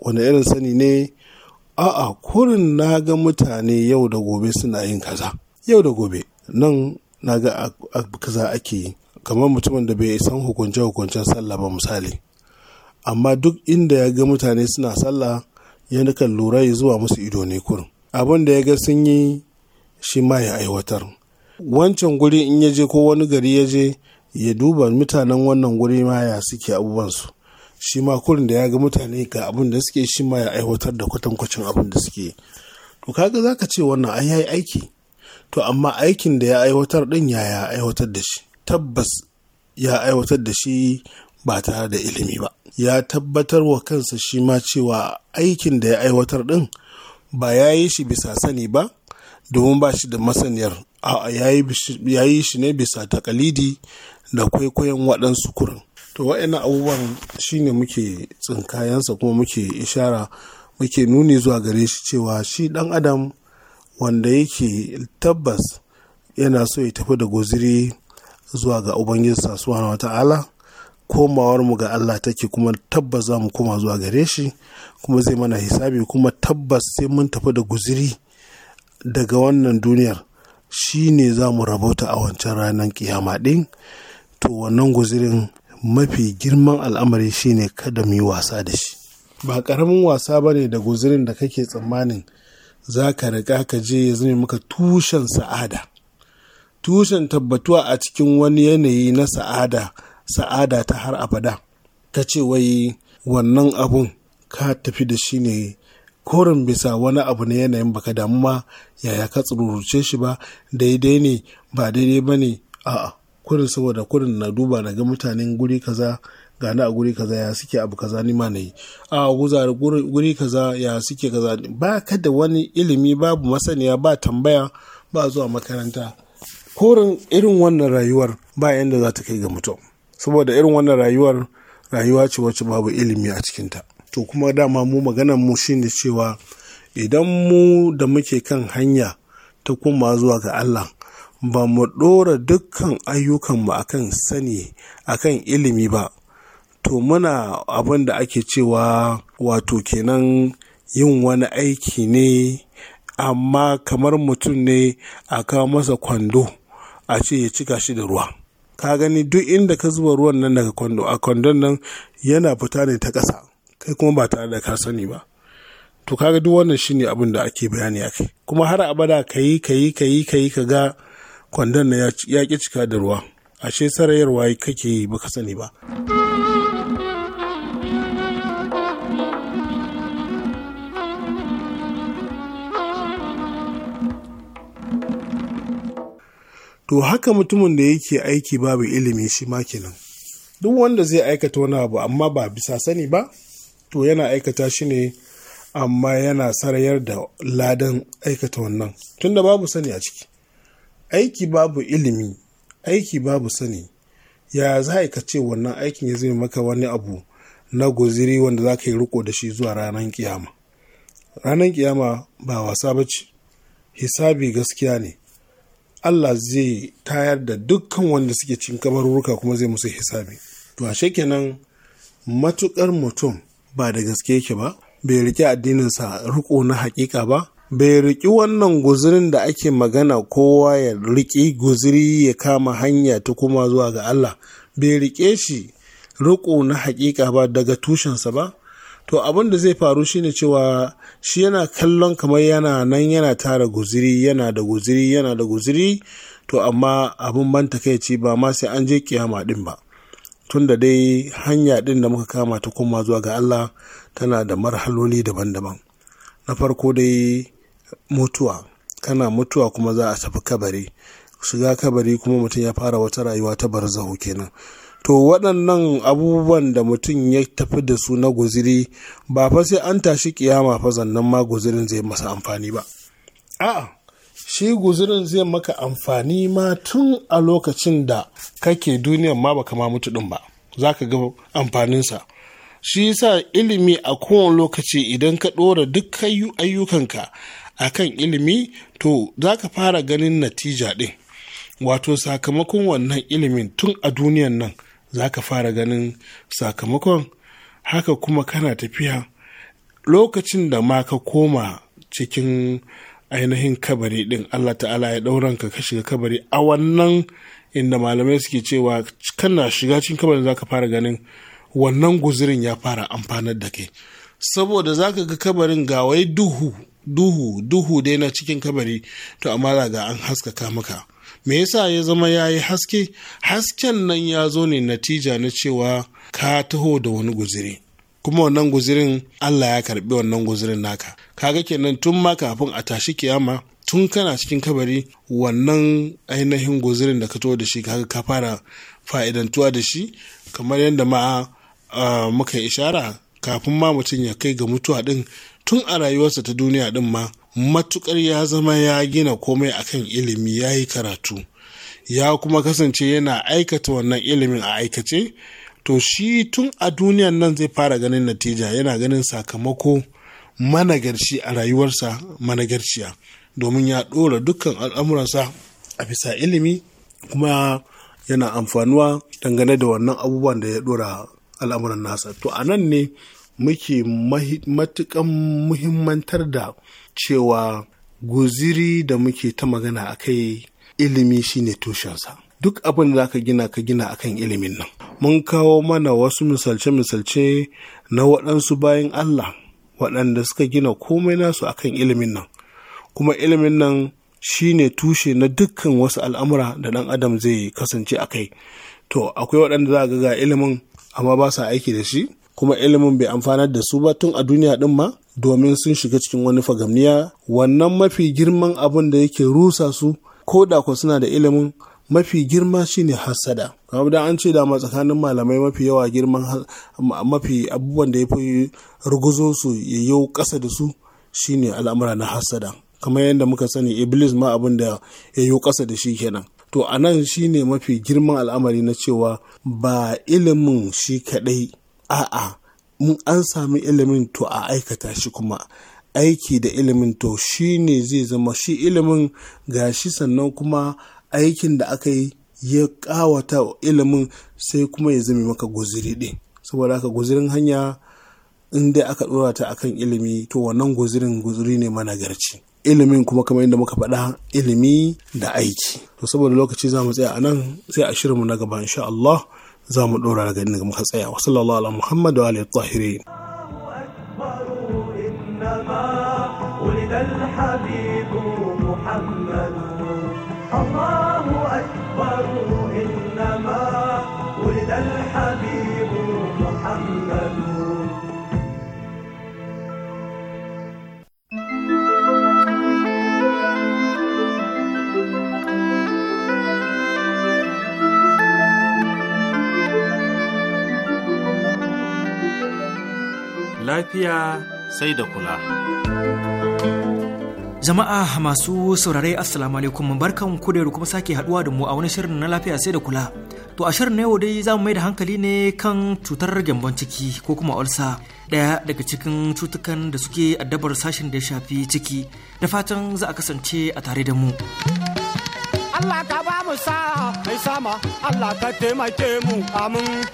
wani irin sani ne a'a kurin na ga mutane yau da gobe suna yin kaza yau da gobe nan na ga kaza ake yi kamar mutumin da bai san hukunce-hukuncen sallah ba misali amma duk inda ya ga mutane suna sallah ya nukan lura ya zuwa musu ido ne kurin abin da ya ga sun yi shi ma ya aiwatar wancan guri in ya je ko wani gari ya je ya duba mutanen wannan guri ma ya suke abubansu shi ma kurin da ya ga mutane ga abin da suke shi ma ya aiwatar da kwatankwacin abin da suke to kaga za ka ce wannan an yayi aiki to amma aikin da ya aiwatar din ya ya aiwatar da shi tabbas ya aiwatar da shi ba tare da ilimi ba ya tabbatar wa kansa shi ma cewa aikin da ya aiwatar din ba ya yi shi bisa sani ba domin ba shi da masaniyar A'a ya yi shi ne bisa takalidi da kwaikwayon waɗansu kurin to wa'ina abubuwan shine muke tsinkayensa kuma muke ishara muke nuni zuwa gare shi cewa shi ɗan adam wanda yake tabbas yana so ya tafi da guziri zuwa ga ubangijinsa na wata'ala komawar mu ga Allah take kuma tabbas za mu koma zuwa gare shi kuma zai mana hisabi kuma tabbas sai mun tafi da guziri daga wannan duniyar shi ne za mu rabauta a wancan ranar kiyama ɗin to wannan guzirin mafi girman al'amari shi ne kada mu yi wasa da shi ba ƙaramin wasa ba ne da guzirin da kake tsammanin za ka riƙa ka je ya zame maka tushen sa'ada tushen tabbatuwa a cikin wani yanayi na sa'ada sa'ada ta har abada ka ce wai wannan abun ka tafi da shi ne korin bisa wani abu na yanayin baka damu ma yaya ka tsururuce shi ba daidai ne ba daidai ba ne a'a kurin saboda kurin na duba na ga mutanen guri kaza gani a guri kaza ya suke abu kaza ni ma nayi a guzar guri kaza ya suke kaza ba ka da wani ilimi babu masaniya ba tambaya ba zuwa makaranta korin irin wannan rayuwar ba yanda za ta kai ga mutum saboda irin wannan rayuwar rayuwa ce wacce babu ilimi a cikinta to kuma dama mu maganar mu shine cewa idan mu da muke kan hanya ta kuma zuwa ga Allah ba mu ɗora dukkan ayyukanmu akan sani akan ilimi ba to muna abin da ake cewa wato kenan yin wani aiki ne amma kamar mutum ne a kawo masa kwando a ce ya cika shi da ruwa ka gani duk inda ka zuba ruwan nan daga kwando a kwandon nan yana fita ne ta ƙasa kai kuma ba tare da ka sani ba to kaga duk wannan shine abin da ake bayani a kai kuma har abada ka yi ka yi ka yi ka yi ka ga kwandon na ya ki cika da ruwa ashe sarayarwa kake yi baka sani ba to haka mutumin da yake aiki babu ilimi shi makinan duk wanda zai aikata wani abu amma ba bisa sani ba to yana aikata shi ne amma yana sarayar da ladan aikata wannan tunda babu sani a ciki aiki babu ilimi aiki babu sani ya za ka ce wannan aikin ya zai maka wani abu na guziri wanda za ka yi riko da shi zuwa ranar kiyama ranar kiyama ba wasa ba ce hisabi gaskiya ne allah zai tayar da dukkan wanda suke cin kabarurruka kuma zai musu hisabi to ashe kenan matukar mutum ba da gaske yake ba bai riƙe addininsa riko na haƙiƙa ba bai riƙi wannan guzurin da ake magana kowa ya riƙi guziri ya kama hanya ta kuma zuwa ga Allah bai riƙe shi riƙo na haƙiƙa ba daga tushensa ba to abin da zai faru shine cewa shi yana kallon kamar yana nan yana tara guziri yana da guziri yana da guziri to amma abin ban takaici ba ma sai an je kiyama din ba tunda dai hanya ɗin da muka kama ta koma zuwa ga Allah tana da marhaloli daban-daban na farko dai mutuwa kana mutuwa kuma za a tafi kabari shiga kabari kuma mutum ya fara wata rayuwa ta barzahu kenan to waɗannan abubuwan da mutum ya tafi da su na guziri ba fa sai an tashi kiyama fa zannan ma guzirin zai masa amfani ba a'a shi guzurin zai maka amfani ma tun a lokacin da kake duniyar ma baka ma mutu din ba za ka ga amfaninsa shi yasa ilimi a kowane lokaci idan ka ɗora duk ayyukanka a kan ilimi to za ka fara ganin natija ɗin wato sakamakon wannan ilimin tun a duniyan nan za ka fara ganin sakamakon haka kuma kana tafiya lokacin da ma ka koma cikin ainihin kabari din Allah ta'ala ya ɗauran ka shiga kabari a wannan inda malamai suke cewa kana shiga cikin kabari za ka fara ganin wannan guzurin ya fara amfanar da kai saboda ka ga kabarin ga wai duhu duhu duhu dai na cikin kabari to amma ga an haskaka maka me yasa ya zama ya yi haske hasken nan ya zo ne natija na cewa ka taho da wani guziri kuma wannan guzirin Allah ya karbi wannan guzirin naka kaga kenan tun ma kafin a tashi kiyama tun kana cikin kabari wannan ainihin guzirin da ka to da shi kaga ka fara fa'idantuwa da shi kamar yadda ma muka ishara kafin ma mutum ya kai ga mutuwa din tun a rayuwarsa ta duniya din ma matukar ya zama ya gina komai akan ilimi ya yi karatu ya kuma kasance yana aikata wannan ilimin a aikace to shi tun a duniyan nan zai fara ganin natija yana ganin sakamako managarci a rayuwarsa managarciya domin ya ɗora dukkan al'amuransa a bisa ilimi kuma yana amfanuwa dangane da wannan abubuwan da ya ɗora al'amuran nasa to a nan ne muke matukan muhimmantar da cewa guziri da muke ta magana a kai ilimi shine tushensa duk abin da zaka gina ka gina akan ilimin nan mun kawo mana wasu misalce-misalce na waɗansu bayan Allah waɗanda suka gina komai nasu akan ilimin nan kuma ilimin nan shine tushe na dukkan wasu al'amura da ɗan adam zai kasance a kai to akwai waɗanda za ga ga ilimin amma ba sa aiki da shi kuma ilimin bai amfanar da su ba tun a duniya ɗin ma domin sun shiga cikin wani fagamniya wannan mafi girman abin da yake rusa su ko da ku suna da ilimin mafi girma shine hasada kamar da an ce dama tsakanin malamai mafi yawa girman mafi abubuwan da ya fi ruguzo su ya yau ƙasa da su shine al'amura na hasada kamar yadda muka sani iblis ma abin da ya yau kasa da shi kenan to a nan shine mafi girman al'amari na cewa ba ilimin shi kadai a'a mun an sami ilimin to a aikata shi kuma aiki da ilimin to shine zai zama shi ilimin gashi sannan kuma aikin da aka yi ya ƙawata ilimin sai kuma ya zame maka guziri ɗin saboda haka guzirin hanya in dai aka ɗora ta akan ilimi to wannan guzirin guziri ne mana garci ilimin kuma kamar yadda muka faɗa ilimi da aiki to saboda lokaci za mu tsaya a nan sai a shirinmu na gaba insha Allah za mu ɗora daga inda muka tsaya wa sallallahu Muhammadu muhammad wa lafiya sai da kula. Jama'a masu saurare Assalamu alaikum barkan ku da kuma sake haduwa da mu a wani shirin na lafiya sai da kula. To a shirin na yau dai za mu mai da hankali ne kan cutar gyambon ciki ko kuma ulsa ɗaya daga cikin cutukan da suke addabar sashen da ya shafi ciki da fatan za a kasance a tare da mu. Allah ka ba mu sa mai sama Allah ka taimake mu amin.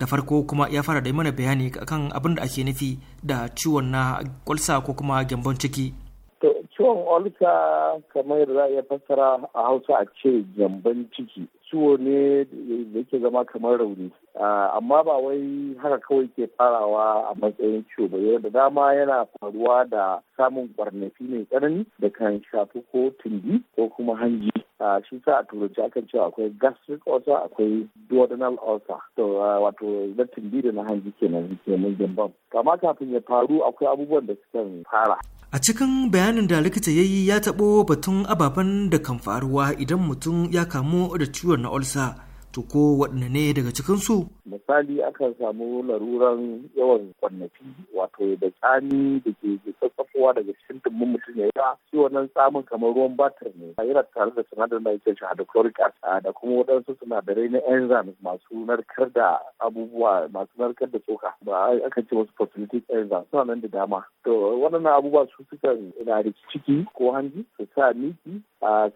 da farko kuma ya fara da mana bayani kan abin da ake nufi da ciwon na kwalsa ko kuma gyambon ciki ciwon olka kamar da za a iya fassara a hausa a ce gyambon ciki ciwo ne da ke zama kamar rauni ah, amma ba wai haka kawai ke farawa a matsayin ciwo ba yau da dama yana faruwa da samun kwarnafi mai tsanani da kan shafi ko tumbi ko kuma hanji a ah, shi sa a turanci akan cewa akwai gastric ulcer akwai duodenal ulcer to ah, wato na tumbi da na hanji kenan mun gyambon kama kafin ya faru akwai abubuwan da sukan fara A cikin bayanin da likita ya yi ya taɓo batun ababen da kan faruwa idan mutum ya kamu da ciwon na olsa to ko waɗanne ne daga cikinsu? Misali akan samu laruran yawan kwannafi wato da tsami da ke tsatsafowa daga cikin dumbin mutum ya yawa shi wannan tsamin kamar ruwan batir ne yana tare da sinadarin da ake shahada chloric acid da kuma waɗansu sinadarai na enzymes masu narkar da abubuwa masu narkar da tsoka ba akan ce wasu phosphatic enzymes suna nan da dama to waɗannan abubuwa su sukan na da ciki ko hanji su sa miki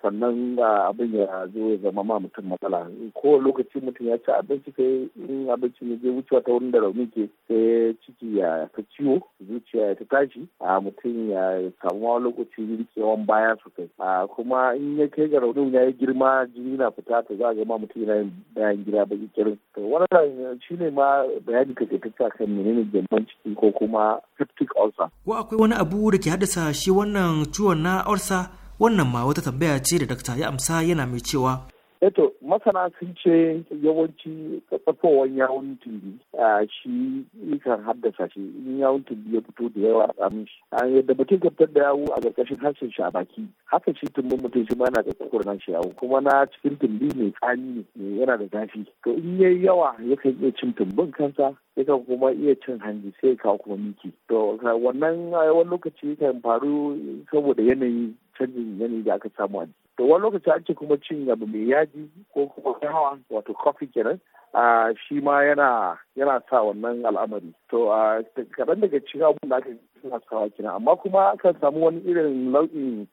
sannan abin ya zo ya zama ma mutum matsala ko lokaci mutum ya ci abinci kai in abinci ne zai wucewa ta wurin da rauni ke sai ciki ya ta ciwo zuciya ya ta tashi a mutum ya samu wani lokaci rikewan baya sosai a kuma in ya kai ga raunin ya yi girma jini na fita ta za a ga ma mutum yana bayan gida ba kirin to wannan shi ne ma bayani ka ta ta kan menene gyambon ciki ko kuma septic ulcer ko akwai wani abu da ke haddasa shi wannan ciwon na ulcer wannan ma wata tambaya ce da dakta ya amsa yana mai cewa Eto masana sun ce yawanci tsafowar yawon tumbi a shi kan haddasa shi in yawon tumbi ya fito da yawa a tsamin shi. A yadda mutum ka da yawo a ƙarƙashin harshen shi a baki haka shi tumbin mutum shi ma yana da nan shi yawo kuma na cikin tumbi mai tsani ne yana da zafi. To in yayi yawa yakan iya cin tumbin kansa yakan kuma iya cin hanji sai kawo kuma miki. To wannan yawan lokaci kan faru saboda yanayi canjin yanayi da aka samu a to wani lokaci ake kuma cin abu mai yaji ko kuma yawa wato coffee kenan a shi ma yana yana sa wannan al'amari to a kaɗan daga cikin abun da aka suna sawa kenan amma kuma akan samu wani irin nau'in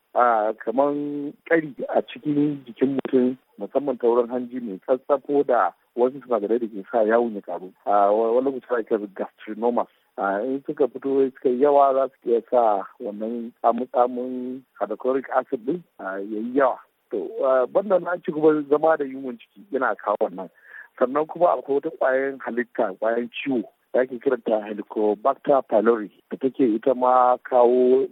kamar ƙari a cikin jikin mutum musamman ta wurin hanji mai tsatsafo da wasu sinadarai da ke sa yawon ya karu a wani lokaci ake gastrinomas a in suka fito suka yawa za su iya sa wannan tsamutsamun hydrochloric acid din ya yi yawa to banda na ci gaba zama da yi ciki yana kawo wannan sannan kuma akwai wata kwayan halitta kwayan ciwo da ake kiranta helicobacter pylori da take ita ma kawo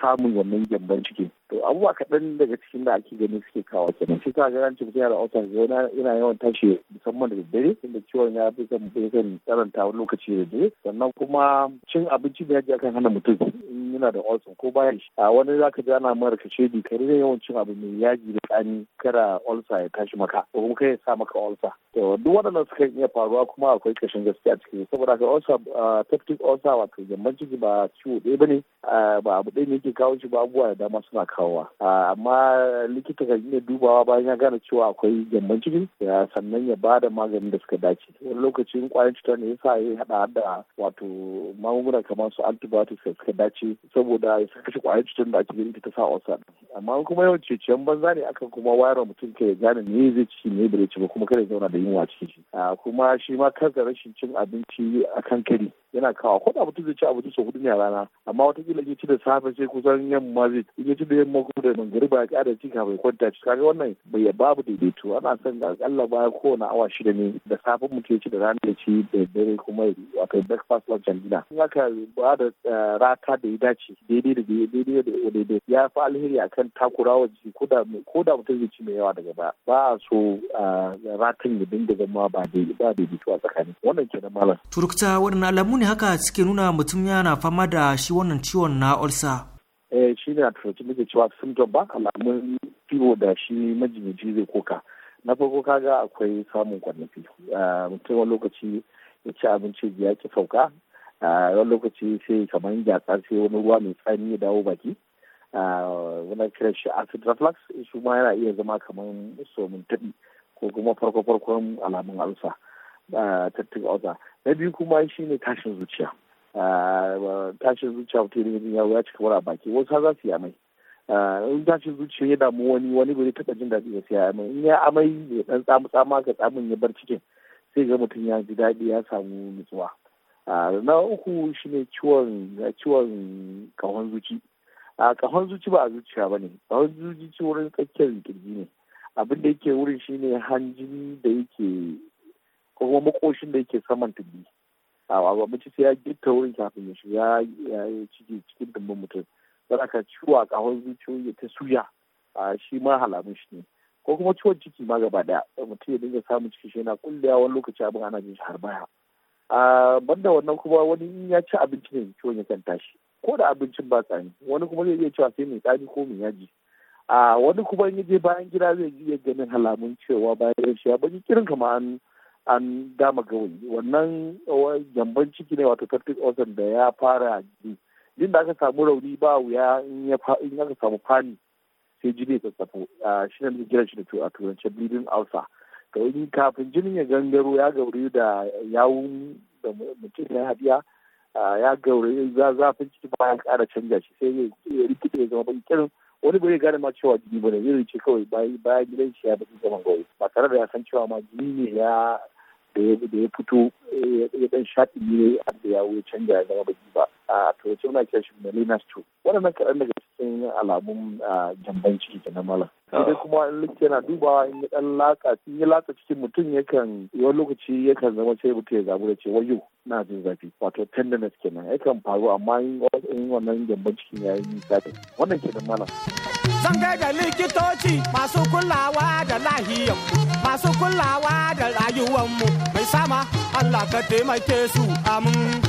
samun wannan gyamban ciki to abubuwa kaɗan daga cikin da ake gani suke kawo kenan shi ta ga cikin mutum yana autar yana yana yawan tashi musamman da daddare inda ciwon ya fi kan tsaranta lokaci da dare sannan kuma cin abinci da yaji akan hana mutum yana da olson ko bayan shi a wani ka ji ana mara ka bi kare yawan yawancin abu mai yaji da tsani kada olsa ya tashi maka ko kuma sa maka olsa to duk waɗannan suka iya faruwa kuma akwai kashin gaskiya cikin saboda ka olsa peptic olsa wato gyamban ciki ba ciwo ɗaya ne ba abu ɗaya ne yake kawo shi ba abubuwa da dama suna kawowa amma likita kan iya dubawa bayan ya gane cewa akwai gyamban ciki sannan ya ba da maganin da suka dace wani lokacin kwayan cutar ne sa ya haɗa da wato magunguna kamar su antibiotics da suka dace saboda ya saka shi kwayar cutar da ake ganin ta sa wasa. amma kuma yawan ciyan banza ne akan kuma wayar mutum ka ya gane me zai ci me bai ci ba kuma kada ya zauna da yunwa cikin shi kuma shi ma kar da rashin cin abinci akan kari yana kawo ko da mutum zai ci abinci sau hudu ne a rana amma kila ya ci da safe sai kusan yamma zai ci ya ci da yamma kuma da ba ya kada ci kafin kwanta ci kaga wannan bai babu daidaito ana son akalla baya kowane awa shida ne da safe mutum ya ci da rana ya ci da dare kuma wato breakfast lunch and dinner in aka ba da eh, rata da ya dace daidai da daidai da daidai ya fi alheri akan takurawa jiki ko da mutum zai ci mai yawa daga ba ba a so eh, ratin ya dinga zama ba daidaito a tsakani wannan da malam turkta wannan alamun ne haka suke nuna mutum yana fama da shi wannan ciwon na ulsa. eh shi ne a turance muke cewa symptom ba alamun ciwo da shi majinyaci zai koka na farko kaga akwai samun kwanafi ah, mutum wani lokaci ya ci abinci ya ki sauka ah, wani lokaci sai kamar ya sai wani ruwa mai tsani ya dawo baki wani ah, kiran shi acid reflux shi ma yana iya zama kamar somin tabi ko kuma farko-farkon alamun alsa tattun oza na biyu kuma shi ne tashin zuciya tashin zuciya wata yi ya wuya cika a baki wasu za su yi amai in tashin zuciya ya damu wani wani bai taɓa jin daɗi ya siya amai in ya amai ya ɗan tsamu tsama ka tsamin ya bar cikin sai ga mutum ya ji daɗi ya samu nutsuwa na uku shine ciwon ciwon kahon zuci a kahon zuci ba a zuciya ba ne kahon zuci wurin tsakiyar kirji ne abin da yake wurin shine hanjin da yake ko kuma makoshin da yake saman tubi a abinci sai ya gitta wurin kafin ya shiga ya yi ciki cikin dumbin mutum don ka ciwo a kahon zuciyoyi ta suya a shi ma halamun shi ne ko kuma ciwon ciki ma gaba daya mutum ya dinga samun ciki shi yana kullewa wani lokaci abin ana jin shi har baya a banda wannan kuma wani in ya ci abinci ne ciwon ya kan tashi ko da abincin ba tsani wani kuma zai iya cewa sai mai tsani ko mai yaji a wani kuma in je bayan gida zai iya ganin halamun cewa bayan shi ya bani kirin kama an an dama gawayi wannan jamban ciki ne wato tattik ulcer da ya fara jini jin da aka samu rauni ba wuya in aka samu fani sai jini ya tsatsafo shi ne kiran shi da a turance bleeding ulcer to in kafin jinin ya gangaro ya gauri da yawun da mutum ya haɗiya ya gauri zafin ciki ba ya ƙara canja shi sai ya rikide ya zama ban kirin wani bai gane ma cewa jini bane zai rike kawai bayan gidan shi ya bata zaman gauri ba tare da ya san cewa ma jini ne ya da ya fito eh, ya dan shaɗi ne da ya wuce canja ya zama baki ba a turanci muna kiran shi melina stew waɗannan kaɗan daga cikin alamun jambanci da na mala oh. sai kuma in likita yana dubawa in ya dan laka in ya laka cikin mutum yakan wani lokaci yakan zama sai mutum ya zabu da ce wayo na jin zafi wato tenderness kenan yakan faru amma in wannan jambanci ya yi nisa wannan ke da mala. zan da likitoci masu kulawa da lahiyar masu kulawa da rayuwanmu mai sama Allah ka taimake su amin.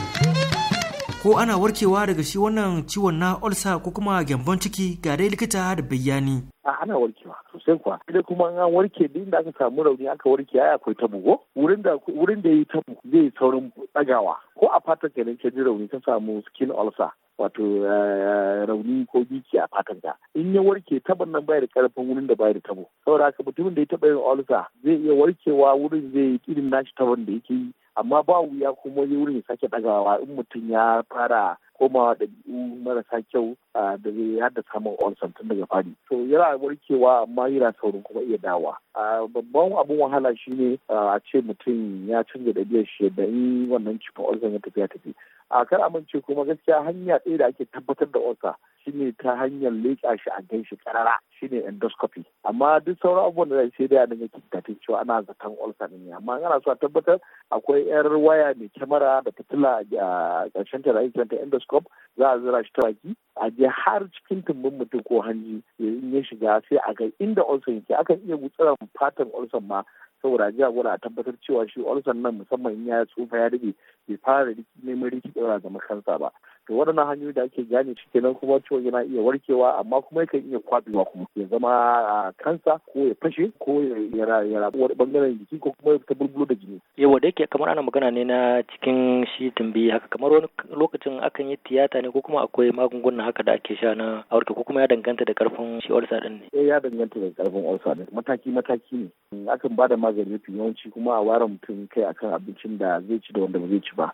Ko ana warkewa daga shi wannan ciwon na olsa ko kuma gyambon ciki ga dai likita da bayani. ana warkewa. sosai kuwa idan kuma an warke duk da aka samu rauni aka warke ya akwai tabu ko wurin da wurin da yayi zai saurin tsagawa ko a fatan ka ka ji rauni ka samu skin ulcer wato eh, rauni ko biki a fatan ka in ya warke taban nan bai da karfin wurin da bai da tabo saboda haka mutumin da ya taba yin ulcer zai iya warkewa wurin zai yi irin nashi taban da yake yi amma ba wuya kuma wurin ya sake dagawa in mutum ya fara komawa ɗabi'u marasa kyau da zai haddasa min olsan tun daga fari to yana warkewa amma yana saurin kuma iya dawa babban abin wahala shine a ce mutum ya canza biyar shi da in wannan cikin olsan ya tafi ya tafi a kan amince kuma gaskiya hanya ɗaya da ake tabbatar da olsa shine ta hanyar leƙa shi a gan shi ƙarara shine endoscopy amma duk sauran abubuwan da zai sai da yanin yake tafi cewa ana zaton olsa ne amma ana so a tabbatar akwai yar waya mai kyamara da fitila a ƙarshen ta da ake endoscope za a zira shi ta baki a je har cikin tumbin mutum ko hanji in ya shiga sai a ga inda olson yake akan iya gutsuran fatan olson ma saboda a gwada a tabbatar cewa shi olson nan musamman in ya tsufa ya rage bai fara neman rikidewa ga kansa ba to waɗannan hanyoyi da ake gane shi kenan kuma ciwon yana iya warkewa amma kuma yakan iya kwabewa kuma ya zama a kansa ko ya fashe ko ya rabu wani bangaren jiki ko kuma ta bulbulo da jini. yawa da yake kamar ana magana ne na cikin shi tumbi haka kamar wani lokacin akan yi tiyata ne ko kuma akwai magungunan haka da ake sha na aurka ko kuma ya danganta da karfin shi ulcer din ne. Eh, ya danganta da karfin ulcer din mataki mataki ne akan ba da magani mafi yawanci kuma a ware mutum kai akan abincin da zai ci da wanda ba zai ci ba.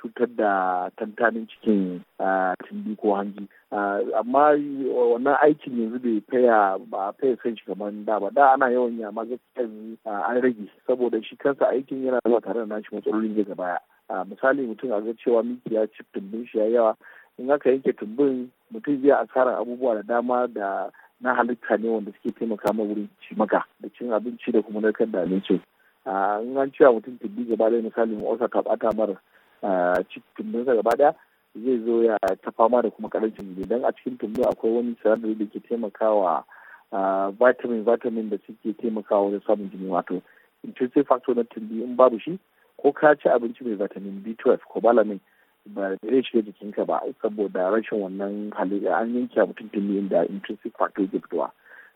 cutar da tantanin cikin ah, tindi ko hanji ah, amma wannan aikin yanzu bai faya ba faya san shi kamar da ba da ana yawan yi amma gaskiya ah, an rage saboda shi kansa aikin yana zuwa tare da nashi matsalolin daga gaba. misali mutum a ga cewa miki ya ci tumbin shi ya yawa in aka yanke tumbin mutum zai asarar abubuwa da dama da na halitta ne wanda suke taimaka ma wurin ci maka da cin abinci da kuma narkar da abinci in an cewa mutum tumbi gaba da misali mu osa ta bata mara cikin tumbinsa gaba daya zai zo ya ta fama da kuma karancin jini don a cikin tumbin akwai wani sinadari da ke taimakawa vitamin vitamin da suke taimakawa wajen samun jini wato intrinsic factor na tumbi in babu shi ko ka ci abinci mai vitamin B12 ko balamin ba zai shiga jikinka ba saboda rashin wannan halitta an yanke mutum tumbi inda intrinsic factor ke fitowa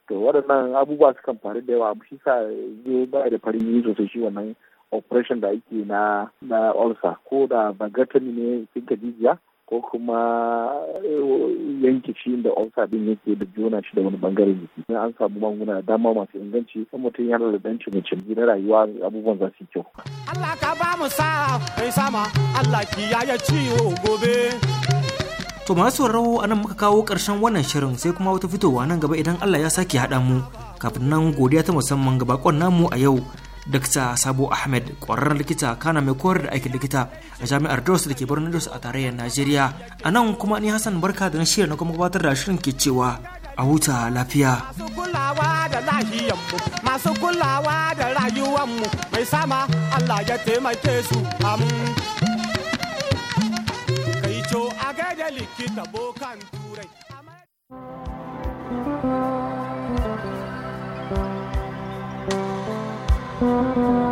to waɗannan abubuwa sukan faru da yawa shi sa zai ba da farin yi sosai shi wannan operation da ake na na olsa ko da bagatani ne cikin jijiya ko kuma eh, yanke shi da olsa din yake da juna shi da wani bangare jiki sai an samu manguna da dama masu inganci kan mutum yana da dan cimicin na rayuwa abubuwan za su yi kyau Allah ka ba mu sa kai sama Allah kiyaye ciwo gobe To masu rawo anan muka kawo karshen wannan shirin sai kuma wata fitowa nan gaba idan Allah ya sake haɗa mu kafin nan godiya ta musamman ga bakon namu a yau Dokta Sabo Ahmed ƙwararren likita kana mai koyar da aikin likita a jami'ar Jos da ke birnin Jos a tarayyar Najeriya. A nan kuma ni Hassan Barka da na shirya na kuma gabatar da shirin ke cewa a huta lafiya. Masu kulawa da lahiyanmu, masu kulawa da rayuwanmu, mai sama Allah ya taimake su amin. Kai a gaida likita bokan turai. Música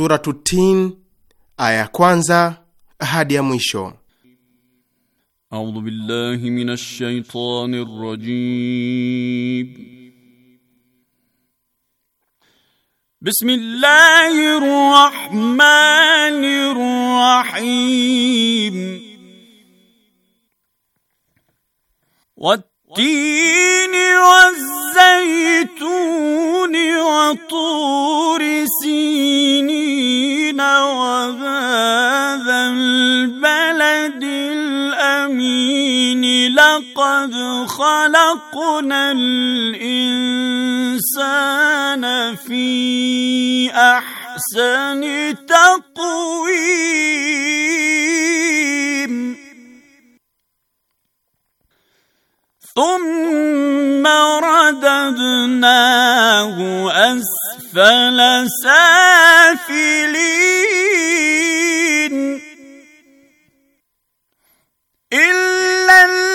Suratu Tin aya ya kwanza hadi ya mwisho. A'udhu billahi minash shaitani rrajim. Bismillahir rahmanir rahim. Wat والتين والزيتون وطور سينين وهذا البلد الأمين لقد خلقنا الإنسان في أحسن تقويم ثم رددناه اسفل سافلين الا